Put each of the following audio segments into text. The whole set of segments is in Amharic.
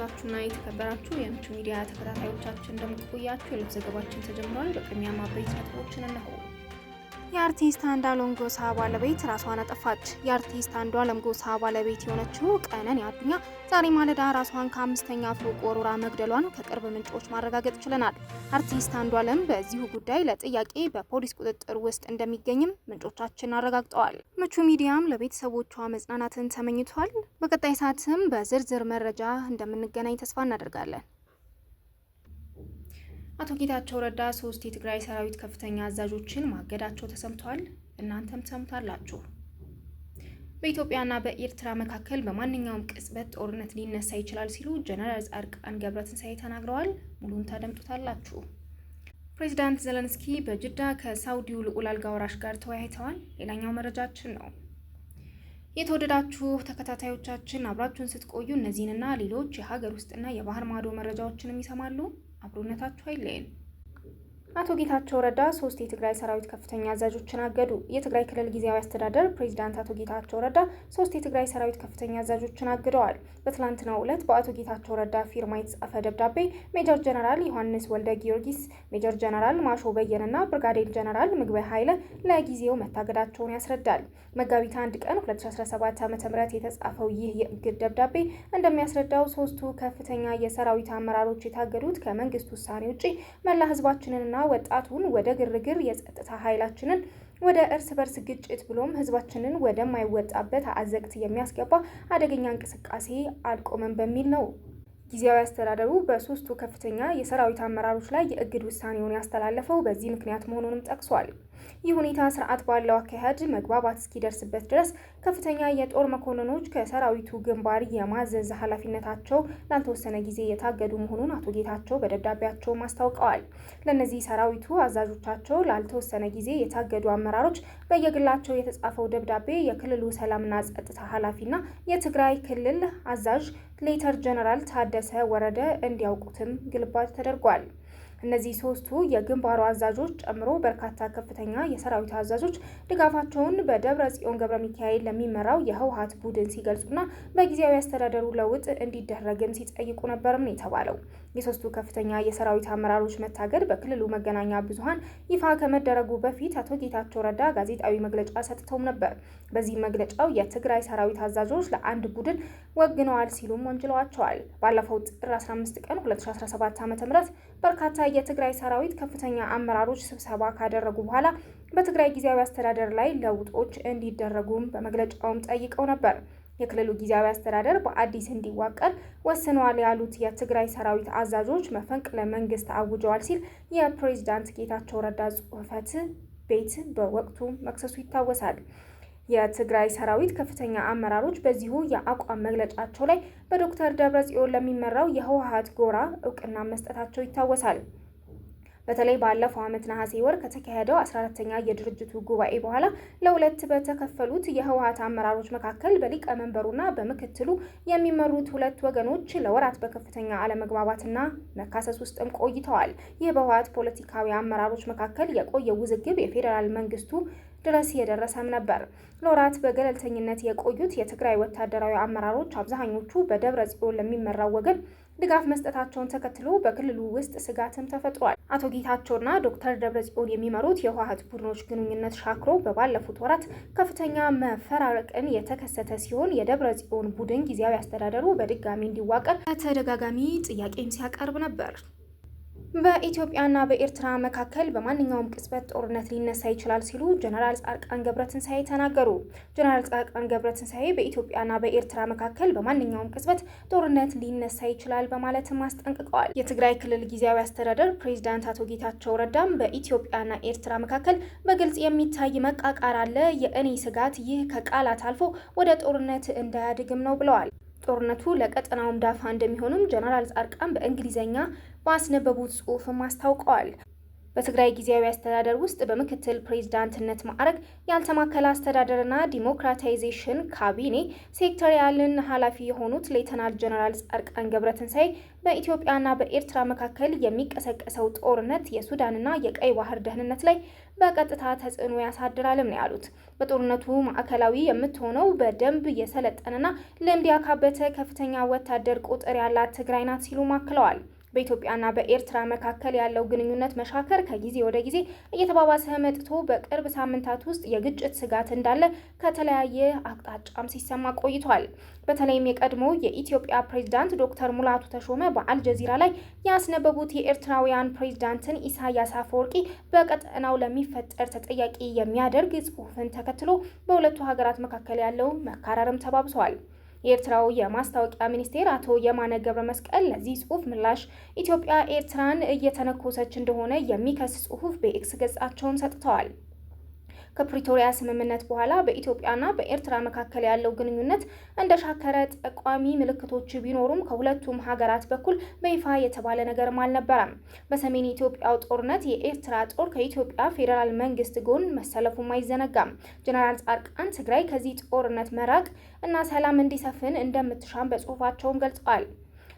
የተወደዳችሁና የተከበራችሁ የምቹ ሚዲያ ተከታታዮቻችን እንደምትቆያችሁ የልብ ዘገባችን ተጀምሯል። በቅድሚያ ማብሬት ነጥቦችን እነሆ። የአርቲስት አንዷለም ጎሳ ባለቤት ራሷን አጠፋች። የአርቲስት አንዷለም ጎሳ ባለቤት የሆነችው ቀነኒ አዱኛ ዛሬ ማለዳ ራሷን ከአምስተኛ ፎቅ ወርውራ መግደሏን ከቅርብ ምንጮች ማረጋገጥ ችለናል። አርቲስት አንዷለም በዚሁ ጉዳይ ለጥያቄ በፖሊስ ቁጥጥር ውስጥ እንደሚገኝም ምንጮቻችን አረጋግጠዋል። ምቹ ሚዲያም ለቤተሰቦቿ መጽናናትን ተመኝቷል። በቀጣይ ሰዓትም በዝርዝር መረጃ እንደምንገናኝ ተስፋ እናደርጋለን። አቶ ጌታቸው ረዳ ሶስት የትግራይ ሰራዊት ከፍተኛ አዛዦችን ማገዳቸው ተሰምቷል። እናንተም ሰምታላችሁ። በኢትዮጵያና በኤርትራ መካከል በማንኛውም ቅጽበት ጦርነት ሊነሳ ይችላል ሲሉ ጀነራል ጻድቃን ገብረትንሳኤ ተናግረዋል። ሙሉን ታደምጡታላችሁ። ፕሬዚዳንት ዘለንስኪ በጅዳ ከሳውዲው ልዑል አልጋ ወራሽ ጋር ተወያይተዋል። ሌላኛው መረጃችን ነው። የተወደዳችሁ ተከታታዮቻችን አብራችሁን ስትቆዩ እነዚህንና ሌሎች የሀገር ውስጥና የባህር ማዶ መረጃዎችንም ይሰማሉ። አብሮነታችሁ አይለየን። አቶ ጌታቸው ረዳ ሶስት የትግራይ ሰራዊት ከፍተኛ አዛዦችን አገዱ። የትግራይ ክልል ጊዜያዊ አስተዳደር ፕሬዚዳንት አቶ ጌታቸው ረዳ ሶስት የትግራይ ሰራዊት ከፍተኛ አዛዦችን አግደዋል። በትላንትናው ዕለት በአቶ ጌታቸው ረዳ ፊርማ የተጻፈ ደብዳቤ ሜጀር ጀነራል ዮሐንስ ወልደ ጊዮርጊስ፣ ሜጀር ጀነራል ማሾ በየንና ብርጋዴር ጀነራል ምግበይ ኃይለ ለጊዜው መታገዳቸውን ያስረዳል። መጋቢት አንድ ቀን 2017 ዓ.ም የተጻፈው ይህ የእግድ ደብዳቤ እንደሚያስረዳው ሶስቱ ከፍተኛ የሰራዊት አመራሮች የታገዱት ከመንግስት ውሳኔ ውጪ መላ ህዝባችንንና ወጣቱን ወደ ግርግር የጸጥታ ኃይላችንን ወደ እርስ በርስ ግጭት ብሎም ህዝባችንን ወደማይወጣበት አዘቅት የሚያስገባ አደገኛ እንቅስቃሴ አልቆመም በሚል ነው። ጊዜያዊ አስተዳደሩ በሶስቱ ከፍተኛ የሰራዊት አመራሮች ላይ የእግድ ውሳኔውን ያስተላለፈው በዚህ ምክንያት መሆኑንም ጠቅሷል። ይህ ሁኔታ ስርዓት ባለው አካሄድ መግባባት እስኪደርስበት ድረስ ከፍተኛ የጦር መኮንኖች ከሰራዊቱ ግንባር የማዘዝ ኃላፊነታቸው ላልተወሰነ ጊዜ የታገዱ መሆኑን አቶ ጌታቸው በደብዳቤያቸው አስታውቀዋል። ለእነዚህ ሰራዊቱ አዛዦቻቸው ላልተወሰነ ጊዜ የታገዱ አመራሮች በየግላቸው የተጻፈው ደብዳቤ የክልሉ ሰላምና ጸጥታ ኃላፊና የትግራይ ክልል አዛዥ ሌተር ጀነራል ታደሰ ወረደ እንዲያውቁትም ግልባጭ ተደርጓል። እነዚህ ሶስቱ የግንባሩ አዛዦች ጨምሮ በርካታ ከፍተኛ የሰራዊት አዛዦች ድጋፋቸውን በደብረ ጽዮን ገብረ ሚካኤል ለሚመራው የህወሀት ቡድን ሲገልጹና በጊዜያዊ አስተዳደሩ ለውጥ እንዲደረግም ሲጠይቁ ነበርም ነው የተባለው። የሶስቱ ከፍተኛ የሰራዊት አመራሮች መታገድ በክልሉ መገናኛ ብዙኃን ይፋ ከመደረጉ በፊት አቶ ጌታቸው ረዳ ጋዜጣዊ መግለጫ ሰጥተውም ነበር። በዚህ መግለጫው የትግራይ ሰራዊት አዛዦች ለአንድ ቡድን ወግነዋል ሲሉም ወንጅለዋቸዋል። ባለፈው ጥር 15 ቀን 2017 ዓ ም በርካታ የትግራይ ሰራዊት ከፍተኛ አመራሮች ስብሰባ ካደረጉ በኋላ በትግራይ ጊዜያዊ አስተዳደር ላይ ለውጦች እንዲደረጉም በመግለጫውም ጠይቀው ነበር። የክልሉ ጊዜያዊ አስተዳደር በአዲስ እንዲዋቀር ወስነዋል ያሉት የትግራይ ሰራዊት አዛዦች መፈንቅለ መንግስት አውጀዋል ሲል የፕሬዝዳንት ጌታቸው ረዳ ጽህፈት ቤት በወቅቱ መክሰሱ ይታወሳል። የትግራይ ሰራዊት ከፍተኛ አመራሮች በዚሁ የአቋም መግለጫቸው ላይ በዶክተር ደብረጽዮን ለሚመራው የህወሀት ጎራ እውቅና መስጠታቸው ይታወሳል። በተለይ ባለፈው ዓመት ነሐሴ ወር ከተካሄደው 14ተኛ የድርጅቱ ጉባኤ በኋላ ለሁለት በተከፈሉት የህወሀት አመራሮች መካከል በሊቀመንበሩና በምክትሉ የሚመሩት ሁለት ወገኖች ለወራት በከፍተኛ አለመግባባትና መካሰስ ውስጥም ቆይተዋል። ይህ በህወሀት ፖለቲካዊ አመራሮች መካከል የቆየ ውዝግብ የፌዴራል መንግስቱ ድረስ የደረሰም ነበር። ለወራት በገለልተኝነት የቆዩት የትግራይ ወታደራዊ አመራሮች አብዛኞቹ በደብረ ጽዮን ለሚመራው ወገን ድጋፍ መስጠታቸውን ተከትሎ በክልሉ ውስጥ ስጋትም ተፈጥሯል። አቶ ጌታቸውና ዶክተር ደብረጽዮን የሚመሩት የህወሓት ቡድኖች ግንኙነት ሻክሮ በባለፉት ወራት ከፍተኛ መፈራረቅን የተከሰተ ሲሆን የደብረጽዮን ቡድን ጊዜያዊ አስተዳደሩ በድጋሚ እንዲዋቀር በተደጋጋሚ ጥያቄም ሲያቀርብ ነበር። በኢትዮጵያና በኤርትራ መካከል በማንኛውም ቅጽበት ጦርነት ሊነሳ ይችላል ሲሉ ጀነራል ጻድቃን ገብረትንሳኤ ተናገሩ። ጀነራል ጻድቃን ገብረትንሳኤ በኢትዮጵያና በኤርትራ መካከል በማንኛውም ቅጽበት ጦርነት ሊነሳ ይችላል በማለትም አስጠንቅቀዋል። የትግራይ ክልል ጊዜያዊ አስተዳደር ፕሬዚዳንት አቶ ጌታቸው ረዳም በኢትዮጵያና ኤርትራ መካከል በግልጽ የሚታይ መቃቃር አለ። የእኔ ስጋት ይህ ከቃላት አልፎ ወደ ጦርነት እንዳያድግም ነው ብለዋል። ጦርነቱ ለቀጠናውም ዳፋ እንደሚሆኑም ጀነራል ጻድቃን በእንግሊዝኛ ባስነበቡት ጽሁፍም አስታውቀዋል። በትግራይ ጊዜያዊ አስተዳደር ውስጥ በምክትል ፕሬዝዳንትነት ማዕረግ ያልተማከለ አስተዳደርና ዲሞክራታይዜሽን ካቢኔ ሴክተሪያልን ኃላፊ የሆኑት ሌተናል ጀነራል ጻድቃን ገብረትንሳኤ በኢትዮጵያና በኤርትራ መካከል የሚቀሰቀሰው ጦርነት የሱዳንና የቀይ ባህር ደህንነት ላይ በቀጥታ ተጽዕኖ ያሳድራልም ነው ያሉት። በጦርነቱ ማዕከላዊ የምትሆነው በደንብ የሰለጠነና ልምድ ያካበተ ከፍተኛ ወታደር ቁጥር ያላት ትግራይ ናት ሲሉ አክለዋል። በኢትዮጵያና በኤርትራ መካከል ያለው ግንኙነት መሻከር ከጊዜ ወደ ጊዜ እየተባባሰ መጥቶ በቅርብ ሳምንታት ውስጥ የግጭት ስጋት እንዳለ ከተለያየ አቅጣጫም ሲሰማ ቆይቷል። በተለይም የቀድሞ የኢትዮጵያ ፕሬዝዳንት ዶክተር ሙላቱ ተሾመ በአልጀዚራ ላይ ያስነበቡት የኤርትራውያን ፕሬዝዳንትን ኢሳያስ አፈወርቂ በቀጠናው ለሚፈጠር ተጠያቂ የሚያደርግ ጽሑፍን ተከትሎ በሁለቱ ሀገራት መካከል ያለው መካረርም ተባብሷል። የኤርትራው የማስታወቂያ ሚኒስቴር አቶ የማነ ገብረ መስቀል ለዚህ ጽሁፍ ምላሽ ኢትዮጵያ ኤርትራን እየተነኮሰች እንደሆነ የሚከስ ጽሁፍ በኤክስ ገጻቸውም ሰጥተዋል። ከፕሪቶሪያ ስምምነት በኋላ በኢትዮጵያና በኤርትራ መካከል ያለው ግንኙነት እንደሻከረ ጠቋሚ ምልክቶች ቢኖሩም ከሁለቱም ሀገራት በኩል በይፋ የተባለ ነገርም አልነበረም። በሰሜን ኢትዮጵያው ጦርነት የኤርትራ ጦር ከኢትዮጵያ ፌዴራል መንግስት ጎን መሰለፉም አይዘነጋም። ጀነራል ጻድቃን ትግራይ ከዚህ ጦርነት መራቅ እና ሰላም እንዲሰፍን እንደምትሻም በጽሁፋቸውም ገልጸዋል።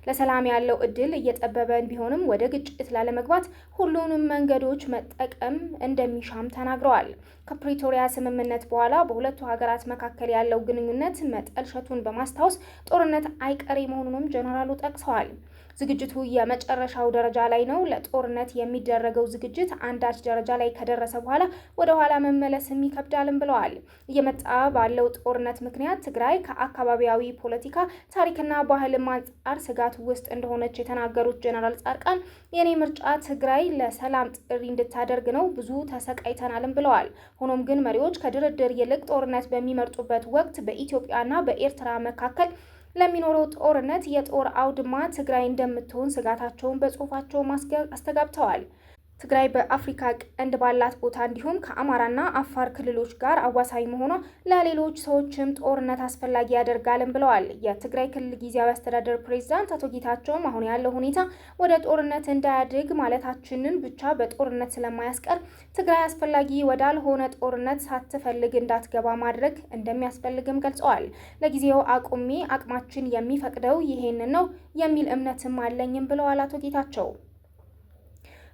ለሰላም ያለው እድል እየጠበበን ቢሆንም ወደ ግጭት ላለመግባት ሁሉንም መንገዶች መጠቀም እንደሚሻም ተናግረዋል። ከፕሪቶሪያ ስምምነት በኋላ በሁለቱ ሀገራት መካከል ያለው ግንኙነት መጠልሸቱን በማስታወስ ጦርነት አይቀሬ መሆኑንም ጀነራሉ ጠቅሰዋል። ዝግጅቱ የመጨረሻው ደረጃ ላይ ነው። ለጦርነት የሚደረገው ዝግጅት አንዳች ደረጃ ላይ ከደረሰ በኋላ ወደ ኋላ መመለስም ይከብዳልም ብለዋል። እየመጣ ባለው ጦርነት ምክንያት ትግራይ ከአካባቢያዊ ፖለቲካ ታሪክና ባህልም አንጻር ስጋት ውስጥ እንደሆነች የተናገሩት ጀነራል ጻድቃን የኔ ምርጫ ትግራይ ለሰላም ጥሪ እንድታደርግ ነው፣ ብዙ ተሰቃይተናልም ብለዋል። ሆኖም ግን መሪዎች ከድርድር ይልቅ ጦርነት በሚመርጡበት ወቅት በኢትዮጵያና በኤርትራ መካከል ለሚኖረው ጦርነት የጦር አውድማ ትግራይ እንደምትሆን ስጋታቸውን በጽሁፋቸው አስተጋብተዋል። ትግራይ በአፍሪካ ቀንድ ባላት ቦታ እንዲሁም ከአማራና አፋር ክልሎች ጋር አዋሳኝ መሆኗ ለሌሎች ሰዎችም ጦርነት አስፈላጊ ያደርጋልም ብለዋል። የትግራይ ክልል ጊዜያዊ አስተዳደር ፕሬዚዳንት አቶ ጌታቸውም አሁን ያለው ሁኔታ ወደ ጦርነት እንዳያድግ ማለታችንን ብቻ በጦርነት ስለማያስቀር ትግራይ አስፈላጊ ወዳልሆነ ጦርነት ሳትፈልግ እንዳትገባ ማድረግ እንደሚያስፈልግም ገልጸዋል። ለጊዜው አቁሜ አቅማችን የሚፈቅደው ይሄንን ነው የሚል እምነትም አለኝም ብለዋል አቶ ጌታቸው።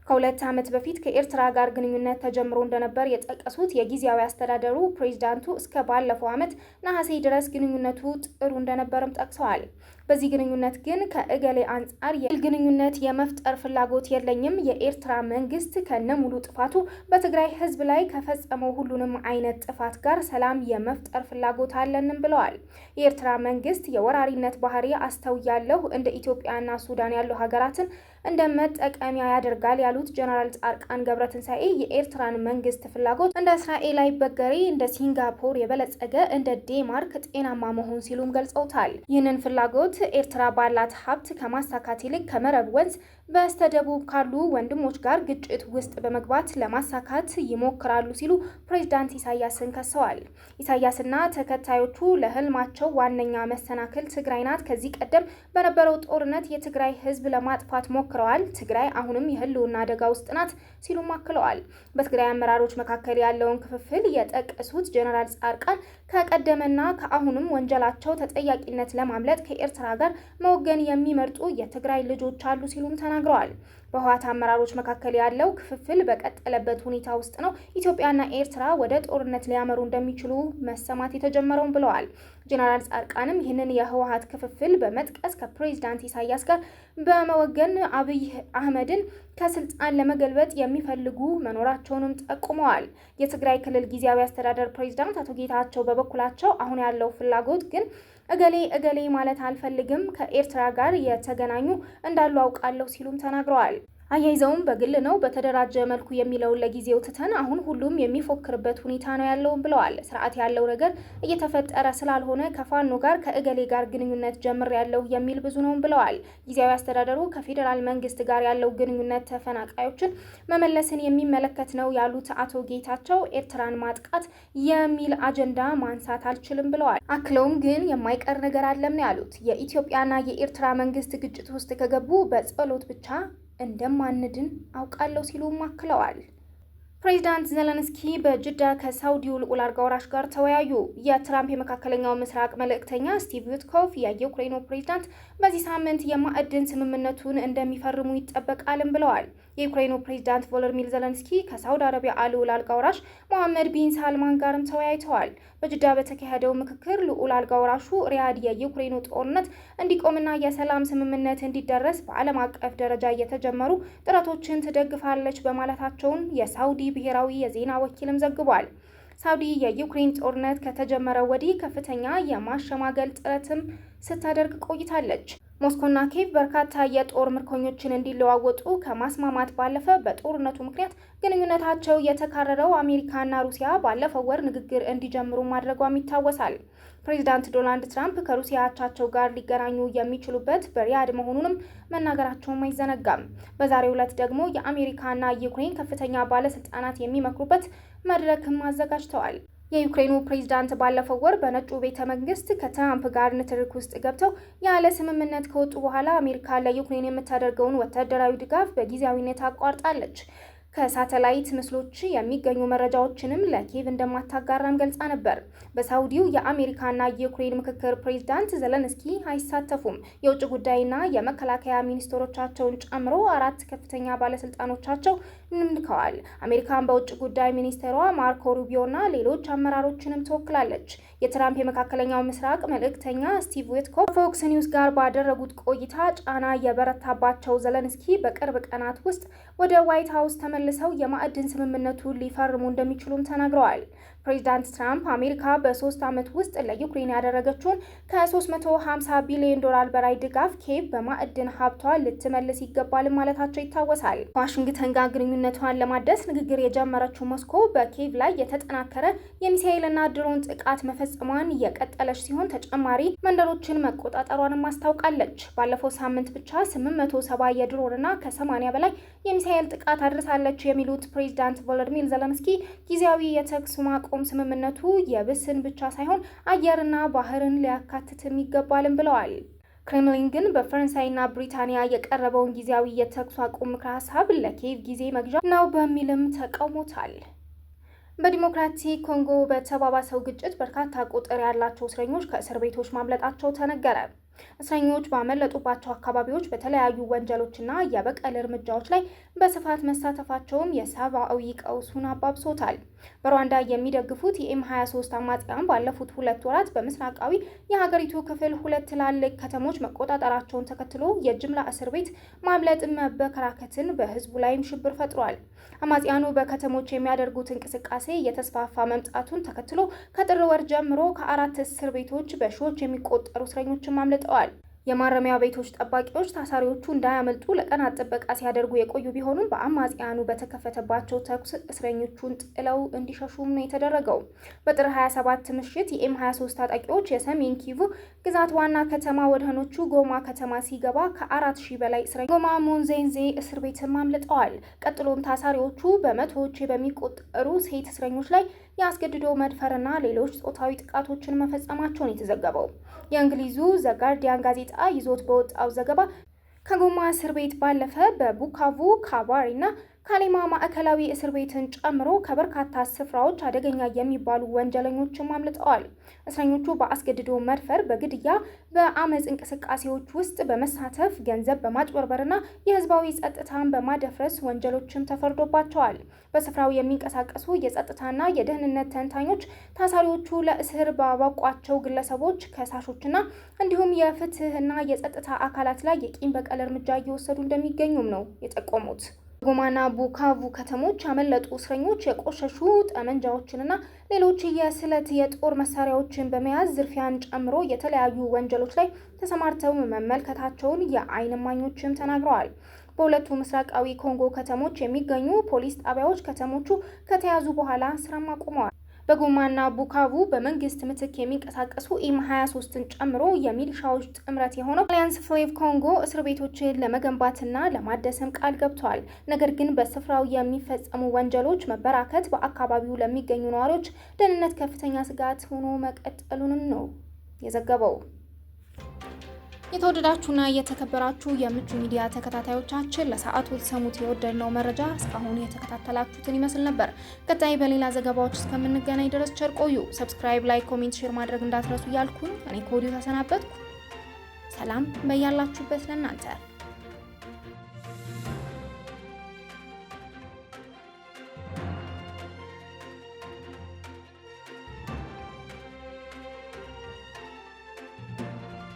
ከሁለት ዓመት በፊት ከኤርትራ ጋር ግንኙነት ተጀምሮ እንደነበር የጠቀሱት የጊዜያዊ አስተዳደሩ ፕሬዚዳንቱ እስከ ባለፈው ዓመት ነሐሴ ድረስ ግንኙነቱ ጥሩ እንደነበርም ጠቅሰዋል። በዚህ ግንኙነት ግን ከእገሌ አንጻር የል ግንኙነት የመፍጠር ፍላጎት የለኝም። የኤርትራ መንግስት ከነ ሙሉ ጥፋቱ በትግራይ ህዝብ ላይ ከፈጸመው ሁሉንም አይነት ጥፋት ጋር ሰላም የመፍጠር ፍላጎት አለንም ብለዋል። የኤርትራ መንግስት የወራሪነት ባህሪ አስተውያለሁ፣ እንደ ኢትዮጵያና ሱዳን ያሉ ሀገራትን እንደ መጠቀሚያ ያደርጋል ያሉት ጀነራል ጻድቃን ገብረትንሳኤ የኤርትራን መንግስት ፍላጎት እንደ እስራኤል አይበገሬ፣ እንደ ሲንጋፖር የበለጸገ፣ እንደ ዴንማርክ ጤናማ መሆን ሲሉም ገልጸውታል። ይህንን ፍላጎት ኤርትራ ባላት ሀብት ከማሳካት ይልቅ ከመረብ ወንዝ በስተደቡብ ካሉ ወንድሞች ጋር ግጭት ውስጥ በመግባት ለማሳካት ይሞክራሉ ሲሉ ፕሬዝዳንት ኢሳያስን ከሰዋል። ኢሳያስና ተከታዮቹ ለህልማቸው ዋነኛ መሰናክል ትግራይ ናት፣ ከዚህ ቀደም በነበረው ጦርነት የትግራይ ህዝብ ለማጥፋት ሞክረዋል፣ ትግራይ አሁንም የህልውና አደጋ ውስጥ ናት ሲሉም አክለዋል። በትግራይ አመራሮች መካከል ያለውን ክፍፍል የጠቀሱት ጀነራል ጻድቃን ከቀደመና ከአሁንም ወንጀላቸው ተጠያቂነት ለማምለጥ ከኤርትራ ጋር መወገን የሚመርጡ የትግራይ ልጆች አሉ ሲሉም ተናግረዋል። ተናግረዋል። በህወሓት አመራሮች መካከል ያለው ክፍፍል በቀጠለበት ሁኔታ ውስጥ ነው ኢትዮጵያና ኤርትራ ወደ ጦርነት ሊያመሩ እንደሚችሉ መሰማት የተጀመረውን ብለዋል። ጀነራል ጻድቃንም ይህንን የህወሓት ክፍፍል በመጥቀስ ከፕሬዚዳንት ኢሳያስ ጋር በመወገን አብይ አህመድን ከስልጣን ለመገልበጥ የሚፈልጉ መኖራቸውንም ጠቁመዋል። የትግራይ ክልል ጊዜያዊ አስተዳደር ፕሬዚዳንት አቶ ጌታቸው በበኩላቸው አሁን ያለው ፍላጎት ግን እገሌ እገሌ ማለት አልፈልግም ከኤርትራ ጋር የተገናኙ እንዳሉ አውቃለሁ ሲሉም ተናግረዋል። አያይዘውም በግል ነው በተደራጀ መልኩ የሚለውን ለጊዜው ትተን አሁን ሁሉም የሚፎክርበት ሁኔታ ነው ያለውም ብለዋል። ስርዓት ያለው ነገር እየተፈጠረ ስላልሆነ ከፋኖ ጋር ከእገሌ ጋር ግንኙነት ጀምር ያለው የሚል ብዙ ነውም ብለዋል። ጊዜያዊ አስተዳደሩ ከፌዴራል መንግስት ጋር ያለው ግንኙነት ተፈናቃዮችን መመለስን የሚመለከት ነው ያሉት አቶ ጌታቸው ኤርትራን ማጥቃት የሚል አጀንዳ ማንሳት አልችልም ብለዋል። አክለውም ግን የማይቀር ነገር አለም ነው ያሉት። የኢትዮጵያና የኤርትራ መንግስት ግጭት ውስጥ ከገቡ በጸሎት ብቻ እንደማንድን አውቃለሁ ሲሉም አክለዋል። ፕሬዚዳንት ዘለንስኪ በጅዳ ከሳውዲው ልዑል አልጋ ወራሽ ጋር ተወያዩ። የትራምፕ የመካከለኛው ምስራቅ መልእክተኛ ስቲቭ ዊትኮፍ የዩክሬኑ ፕሬዚዳንት በዚህ ሳምንት የማዕድን ስምምነቱን እንደሚፈርሙ ይጠበቃልም ብለዋል። የዩክሬኑ ፕሬዚዳንት ቮሎዲሚር ዘለንስኪ ከሳውዲ አረቢያ ልዑል አልጋውራሽ መሐመድ ሞሐመድ ቢን ሳልማን ጋርም ተወያይተዋል። በጅዳ በተካሄደው ምክክር ልዑል አልጋውራሹ ሪያድ የዩክሬኑ ጦርነት እንዲቆምና የሰላም ስምምነት እንዲደረስ በዓለም አቀፍ ደረጃ እየተጀመሩ ጥረቶችን ትደግፋለች በማለታቸውን የሳውዲ ብሔራዊ የዜና ወኪልም ዘግቧል። ሳውዲ የዩክሬን ጦርነት ከተጀመረ ወዲህ ከፍተኛ የማሸማገል ጥረትም ስታደርግ ቆይታለች። ሞስኮና ኬቭ በርካታ የጦር ምርኮኞችን እንዲለዋወጡ ከማስማማት ባለፈ በጦርነቱ ምክንያት ግንኙነታቸው የተካረረው አሜሪካና ሩሲያ ባለፈው ወር ንግግር እንዲጀምሩ ማድረጓም ይታወሳል። ፕሬዚዳንት ዶናልድ ትራምፕ ከሩሲያ አቻቸው ጋር ሊገናኙ የሚችሉበት በሪያድ መሆኑንም መናገራቸውም አይዘነጋም። በዛሬው ዕለት ደግሞ የአሜሪካና ዩክሬን ከፍተኛ ባለስልጣናት የሚመክሩበት መድረክም አዘጋጅተዋል። የዩክሬኑ ፕሬዝዳንት ባለፈው ወር በነጩ ቤተ መንግስት ከትራምፕ ጋር ንትርክ ውስጥ ገብተው ያለ ስምምነት ከወጡ በኋላ አሜሪካ ለዩክሬን የምታደርገውን ወታደራዊ ድጋፍ በጊዜያዊነት አቋርጣለች። ከሳተላይት ምስሎች የሚገኙ መረጃዎችንም ለኬቭ እንደማታጋራም ገልጻ ነበር። በሳውዲው የአሜሪካና የዩክሬን ምክክር ፕሬዝዳንት ዘለንስኪ አይሳተፉም። የውጭ ጉዳይና የመከላከያ ሚኒስትሮቻቸውን ጨምሮ አራት ከፍተኛ ባለስልጣኖቻቸው እንምልከዋል። አሜሪካን በውጭ ጉዳይ ሚኒስቴሯ ማርኮ ሩቢዮና ሌሎች አመራሮችንም ትወክላለች። የትራምፕ የመካከለኛው ምስራቅ መልእክተኛ ስቲቭ ዊትኮፍ ፎክስ ኒውስ ጋር ባደረጉት ቆይታ ጫና የበረታባቸው ዘለንስኪ በቅርብ ቀናት ውስጥ ወደ ዋይት ሀውስ ተመልሰው የማዕድን ስምምነቱን ሊፈርሙ እንደሚችሉም ተናግረዋል። ፕሬዚዳንት ትራምፕ አሜሪካ በሶስት ዓመት ውስጥ ለዩክሬን ያደረገችውን ከ350 ቢሊዮን ዶላር በላይ ድጋፍ ኬቭ በማዕድን ሀብቷ ልትመልስ ይገባል ማለታቸው ይታወሳል። ዋሽንግተን ጋር ግንኙነቷን ለማደስ ንግግር የጀመረችው ሞስኮ በኬቭ ላይ የተጠናከረ የሚሳኤልና ድሮን ጥቃት መፈጸሟን እየቀጠለች ሲሆን ተጨማሪ መንደሮችን መቆጣጠሯንም አስታውቃለች። ባለፈው ሳምንት ብቻ 870 የድሮንና ከ80 በላይ የሚሳኤል ጥቃት አድርሳለች የሚሉት ፕሬዚዳንት ቮሎዲሚር ዘለንስኪ ጊዜያዊ የተኩስ ማቆ የማቆም ስምምነቱ የብስን ብቻ ሳይሆን አየርና ባህርን ሊያካትትም ይገባልም ብለዋል። ክሬምሊን ግን በፈረንሳይና ብሪታንያ የቀረበውን ጊዜያዊ የተኩስ አቁም ምክረ ሀሳብ ጊዜ መግዣ ነው በሚልም ተቃውሞታል። በዲሞክራቲክ ኮንጎ በተባባሰው ግጭት በርካታ ቁጥር ያላቸው እስረኞች ከእስር ቤቶች ማምለጣቸው ተነገረ። እስረኞች ባመለጡባቸው አካባቢዎች በተለያዩ ወንጀሎችና የበቀል እርምጃዎች ላይ በስፋት መሳተፋቸውም የሰብአዊ ቀውሱን አባብሶታል። በሩዋንዳ የሚደግፉት የኤም 23 አማጽያን ባለፉት ሁለት ወራት በምስራቃዊ የሀገሪቱ ክፍል ሁለት ትላልቅ ከተሞች መቆጣጠራቸውን ተከትሎ የጅምላ እስር ቤት ማምለጥ፣ መበከራከትን በህዝቡ ላይም ሽብር ፈጥሯል። አማጽያኑ በከተሞች የሚያደርጉት እንቅስቃሴ የተስፋፋ መምጣቱን ተከትሎ ከጥር ወር ጀምሮ ከአራት እስር ቤቶች በሺዎች የሚቆጠሩ እስረኞችን አምልጠዋል። የማረሚያ ቤቶች ጠባቂዎች ታሳሪዎቹ እንዳያመልጡ ለቀናት ጥበቃ ሲያደርጉ የቆዩ ቢሆኑም በአማጽያኑ በተከፈተባቸው ተኩስ እስረኞቹን ጥለው እንዲሸሹም ነው የተደረገው። በጥር 27 ምሽት የኤም 23 ታጣቂዎች የሰሜን ኪቭ ግዛት ዋና ከተማ ወደሆነች ጎማ ከተማ ሲገባ ከአራት ሺህ በላይ እስረኞች ጎማ ሞንዜንዜ እስር ቤትም አምልጠዋል። ቀጥሎም ታሳሪዎቹ በመቶዎች በሚቆጠሩ ሴት እስረኞች ላይ የአስገድዶ መድፈርና ሌሎች ጾታዊ ጥቃቶችን መፈጸማቸውን የተዘገበው የእንግሊዙ ዘጋርዲያን ጋዜጣ ይዞት በወጣው ዘገባ ከጎማ እስር ቤት ባለፈ በቡካቩ ካባሪ ካሊማ ማዕከላዊ እስር ቤትን ጨምሮ ከበርካታ ስፍራዎች አደገኛ የሚባሉ ወንጀለኞችም አምልጠዋል። እስረኞቹ በአስገድዶ መድፈር፣ በግድያ፣ በአመፅ እንቅስቃሴዎች ውስጥ በመሳተፍ ገንዘብ በማጭበርበርና የህዝባዊ ጸጥታን በማደፍረስ ወንጀሎችም ተፈርዶባቸዋል። በስፍራው የሚንቀሳቀሱ የጸጥታና የደህንነት ተንታኞች ታሳሪዎቹ ለእስር ባበቋቸው ግለሰቦች፣ ከሳሾችና እንዲሁም የፍትህና የጸጥታ አካላት ላይ የቂም በቀል እርምጃ እየወሰዱ እንደሚገኙም ነው የጠቆሙት። ጎማና ቡካቡ ከተሞች ያመለጡ እስረኞች የቆሸሹ ጠመንጃዎችንና ሌሎች የስለት የጦር መሳሪያዎችን በመያዝ ዝርፊያን ጨምሮ የተለያዩ ወንጀሎች ላይ ተሰማርተው መመልከታቸውን የአይን እማኞችም ተናግረዋል። በሁለቱ ምስራቃዊ ኮንጎ ከተሞች የሚገኙ ፖሊስ ጣቢያዎች ከተሞቹ ከተያዙ በኋላ ስራም አቁመዋል። በጎማና ቡካቡ በመንግስት ምትክ የሚንቀሳቀሱ ኢም 23ን ጨምሮ የሚሊሻዎች ጥምረት የሆነው አሊያንስ ፍሬቭ ኮንጎ እስር ቤቶችን ለመገንባትና ለማደስም ቃል ገብቷል። ነገር ግን በስፍራው የሚፈጸሙ ወንጀሎች መበራከት በአካባቢው ለሚገኙ ነዋሪዎች ደህንነት ከፍተኛ ስጋት ሆኖ መቀጠሉንም ነው የዘገበው። የተወደዳችሁና የተከበራችሁ የምቹ ሚዲያ ተከታታዮቻችን ለሰዓቱ የተሰሙት የወደድነው መረጃ እስካሁን የተከታተላችሁትን ይመስል ነበር። ቀጣይ በሌላ ዘገባዎች እስከምንገናኝ ድረስ ቸር ቆዩ። ሰብስክራይብ፣ ላይ ኮሜንት፣ ሼር ማድረግ እንዳትረሱ እያልኩኝ እኔ ከወዲሁ ተሰናበትኩ። ሰላም በያላችሁበት ለእናንተ